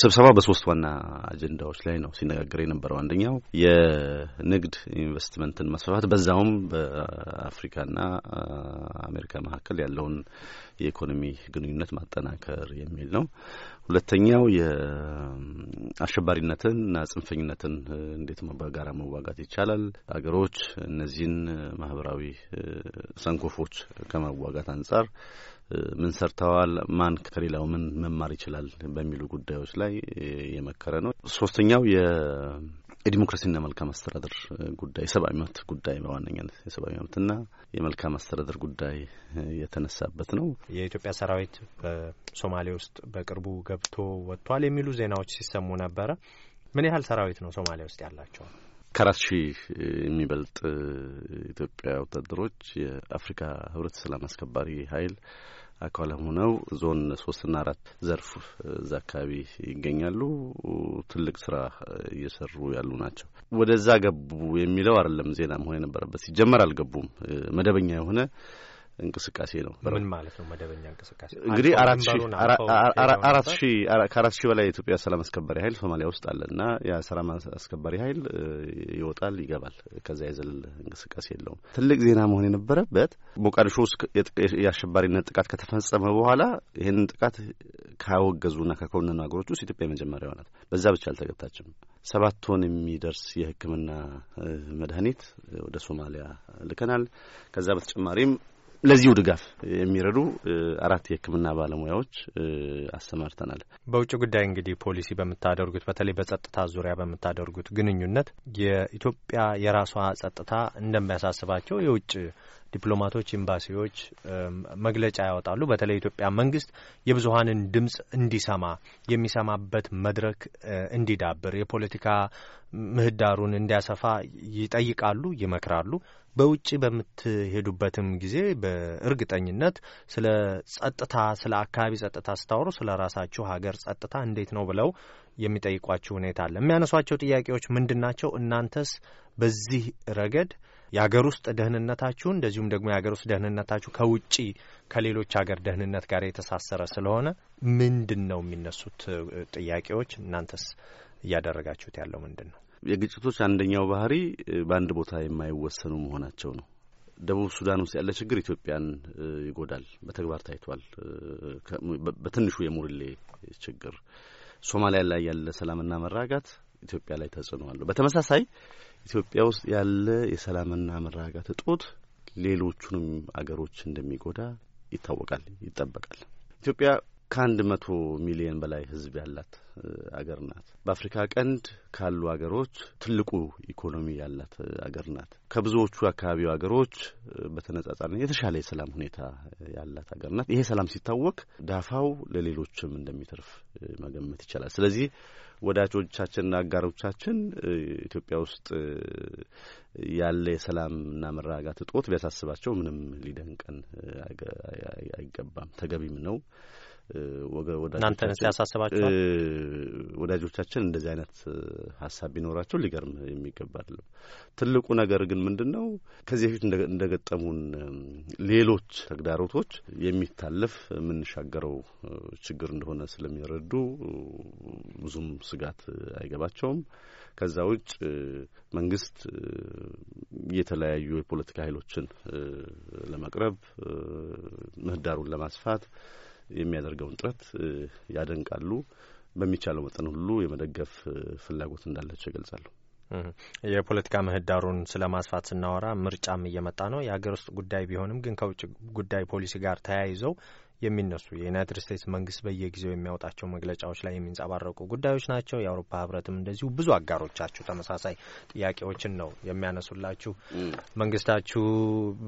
ስብሰባ በሶስት ዋና አጀንዳዎች ላይ ነው ሲነጋገር የነበረው። አንደኛው የንግድ ኢንቨስትመንትን ማስፋፋት፣ በዛውም በአፍሪካና አሜሪካ መካከል ያለውን የኢኮኖሚ ግንኙነት ማጠናከር የሚል ነው። ሁለተኛው የአሸባሪነትንና ጽንፈኝነትን እንዴት በጋራ መዋጋት ይቻላል፣ ሀገሮች እነዚህን ማህበራዊ ሰንኮፎች ከመዋጋት አንጻር ምን ሰርተዋል፣ ማን ከሌላው ምን መማር ይችላል በሚሉ ጉዳዮች ላይ የመከረ ነው። ሶስተኛው የዲሞክራሲና መልካም አስተዳደር ጉዳይ የሰብአዊ መብት ጉዳይ በዋነኛነት የሰብአዊ መብትና የመልካም አስተዳደር ጉዳይ የተነሳበት ነው። የኢትዮጵያ ሰራዊት በሶማሌ ውስጥ በቅርቡ ገብቶ ወጥቷል የሚሉ ዜናዎች ሲሰሙ ነበረ። ምን ያህል ሰራዊት ነው ሶማሌ ውስጥ ያላቸው? ከአራት ሺህ የሚበልጥ ኢትዮጵያ ወታደሮች የአፍሪካ ህብረት ሰላም አስከባሪ ኃይል አካል ሆነው ዞን ሶስትና አራት ዘርፍ እዛ አካባቢ ይገኛሉ። ትልቅ ስራ እየሰሩ ያሉ ናቸው። ወደዛ ገቡ የሚለው አይደለም ዜና መሆን የነበረበት ሲጀመር አልገቡም። መደበኛ የሆነ እንቅስቃሴ ነው። ምን ማለት ነው መደበኛ እንቅስቃሴ? እንግዲህ አራት ሺ ከአራት ሺህ በላይ የኢትዮጵያ ሰላም አስከባሪ ኃይል ሶማሊያ ውስጥ አለ እና ያ ሰላም አስከባሪ ኃይል ይወጣል ይገባል። ከዚያ የዘለለ እንቅስቃሴ የለውም። ትልቅ ዜና መሆን የነበረበት ሞቃዲሾ ውስጥ የአሸባሪነት ጥቃት ከተፈጸመ በኋላ ይህንን ጥቃት ካወገዙና ከኮነኑ ሀገሮች ውስጥ ኢትዮጵያ የመጀመሪያ ናት። በዛ ብቻ አልተገብታችም። ሰባት ቶን የሚደርስ የሕክምና መድኃኒት ወደ ሶማሊያ ልከናል። ከዛ በተጨማሪም ለዚሁ ድጋፍ የሚረዱ አራት የሕክምና ባለሙያዎች አሰማርተናል። በውጭ ጉዳይ እንግዲህ ፖሊሲ በምታደርጉት በተለይ በጸጥታ ዙሪያ በምታደርጉት ግንኙነት የኢትዮጵያ የራሷ ጸጥታ እንደሚያሳስባቸው የውጭ ዲፕሎማቶች፣ ኤምባሲዎች መግለጫ ያወጣሉ። በተለይ ኢትዮጵያ መንግስት የብዙሀንን ድምጽ እንዲሰማ የሚሰማበት መድረክ እንዲዳብር የፖለቲካ ምህዳሩን እንዲያሰፋ ይጠይቃሉ፣ ይመክራሉ። በውጭ በምትሄዱበትም ጊዜ በእርግጠኝነት ስለ ጸጥታ፣ ስለ አካባቢ ጸጥታ ስታወሩ ስለ ራሳችሁ ሀገር ጸጥታ እንዴት ነው ብለው የሚጠይቋችሁ ሁኔታ አለ። የሚያነሷቸው ጥያቄዎች ምንድን ናቸው? እናንተስ በዚህ ረገድ የሀገር ውስጥ ደህንነታችሁ እንደዚሁም ደግሞ የሀገር ውስጥ ደህንነታችሁ ከውጭ ከሌሎች ሀገር ደህንነት ጋር የተሳሰረ ስለሆነ ምንድን ነው የሚነሱት ጥያቄዎች? እናንተስ እያደረጋችሁት ያለው ምንድን ነው? የግጭቶች አንደኛው ባህሪ በአንድ ቦታ የማይወሰኑ መሆናቸው ነው። ደቡብ ሱዳን ውስጥ ያለ ችግር ኢትዮጵያን ይጎዳል፣ በተግባር ታይቷል። በትንሹ የሙርሌ ችግር ሶማሊያ ላይ ያለ ሰላምና መራጋት ኢትዮጵያ ላይ ተጽዕኖ አለው። በተመሳሳይ ኢትዮጵያ ውስጥ ያለ የሰላምና መረጋጋት እጦት ሌሎቹንም አገሮች እንደሚጎዳ ይታወቃል፣ ይጠበቃል። ኢትዮጵያ ከአንድ መቶ ሚሊዮን በላይ ህዝብ ያላት አገር ናት። በአፍሪካ ቀንድ ካሉ አገሮች ትልቁ ኢኮኖሚ ያላት አገር ናት። ከብዙዎቹ አካባቢው አገሮች በተነጻጻሪ የተሻለ የሰላም ሁኔታ ያላት አገር ናት። ይሄ ሰላም ሲታወቅ ዳፋው ለሌሎችም እንደሚተርፍ መገመት ይቻላል። ስለዚህ ወዳጆቻችንና አጋሮቻችን ኢትዮጵያ ውስጥ ያለ የሰላምና መረጋጋት እጦት ቢያሳስባቸው ምንም ሊደንቀን አይገባም፣ ተገቢም ነው። እናንተን ወዳጆቻችን እንደዚህ አይነት ሀሳብ ቢኖራቸው ሊገርም የሚገባ አይደለም። ትልቁ ነገር ግን ምንድን ነው ከዚህ በፊት እንደገጠሙን ሌሎች ተግዳሮቶች የሚታለፍ የምንሻገረው ችግር እንደሆነ ስለሚረዱ ብዙም ስጋት አይገባቸውም። ከዛ ውጭ መንግስት የተለያዩ የፖለቲካ ኃይሎችን ለመቅረብ ምህዳሩን ለማስፋት የሚያደርገውን ጥረት ያደንቃሉ። በሚቻለው መጠን ሁሉ የመደገፍ ፍላጎት እንዳላቸው ይገልጻሉ። የፖለቲካ ምህዳሩን ስለ ማስፋት ስናወራ ምርጫም እየመጣ ነው። የሀገር ውስጥ ጉዳይ ቢሆንም ግን ከውጭ ጉዳይ ፖሊሲ ጋር ተያይዘው የሚነሱ የዩናይትድ ስቴትስ መንግስት በየጊዜው የሚያወጣቸው መግለጫዎች ላይ የሚንጸባረቁ ጉዳዮች ናቸው። የአውሮፓ ህብረትም እንደዚሁ ብዙ አጋሮቻችሁ ተመሳሳይ ጥያቄዎችን ነው የሚያነሱላችሁ። መንግስታችሁ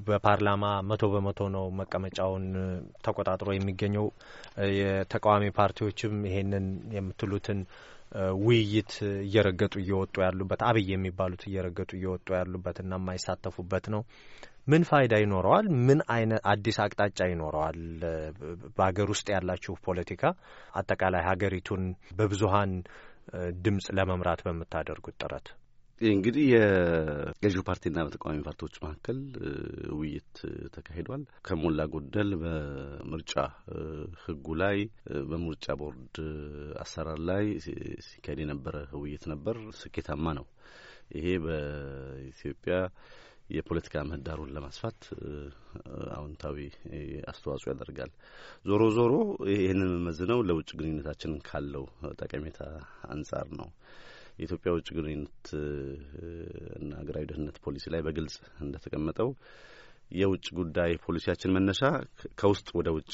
በፓርላማ መቶ በመቶ ነው መቀመጫውን ተቆጣጥሮ የሚገኘው። የተቃዋሚ ፓርቲዎችም ይሄንን የምትሉትን ውይይት እየረገጡ እየወጡ ያሉበት አብይ የሚባሉት እየረገጡ እየወጡ ያሉበት እና የማይሳተፉበት ነው። ምን ፋይዳ ይኖረዋል? ምን አይነት አዲስ አቅጣጫ ይኖረዋል? በሀገር ውስጥ ያላችሁ ፖለቲካ አጠቃላይ ሀገሪቱን በብዙሀን ድምጽ ለመምራት በምታደርጉት ጥረት እንግዲህ የገዢው ፓርቲና በተቃዋሚ ፓርቲዎች መካከል ውይይት ተካሂዷል። ከሞላ ጎደል በምርጫ ሕጉ ላይ በምርጫ ቦርድ አሰራር ላይ ሲካሄድ የነበረ ውይይት ነበር። ስኬታማ ነው። ይሄ በኢትዮጵያ የፖለቲካ ምህዳሩን ለማስፋት አዎንታዊ አስተዋጽኦ ያደርጋል። ዞሮ ዞሮ ይህንን የምመዝነው ለውጭ ግንኙነታችን ካለው ጠቀሜታ አንጻር ነው። የኢትዮጵያ ውጭ ግንኙነት እና ሀገራዊ ደህንነት ፖሊሲ ላይ በግልጽ እንደተቀመጠው የውጭ ጉዳይ ፖሊሲያችን መነሻ ከውስጥ ወደ ውጭ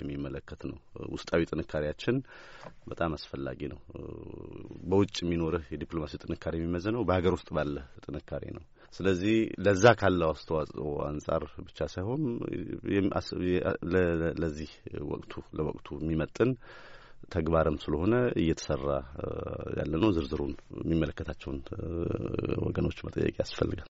የሚመለከት ነው። ውስጣዊ ጥንካሬያችን በጣም አስፈላጊ ነው። በውጭ የሚኖርህ የዲፕሎማሲ ጥንካሬ የሚመዘነው በሀገር ውስጥ ባለ ጥንካሬ ነው። ስለዚህ ለዛ ካለው አስተዋጽኦ አንጻር ብቻ ሳይሆን ለዚህ ወቅቱ ለወቅቱ የሚመጥን ተግባርም ስለሆነ እየተሰራ ያለ ነው። ዝርዝሩን የሚመለከታቸውን ወገኖች መጠየቅ ያስፈልጋል።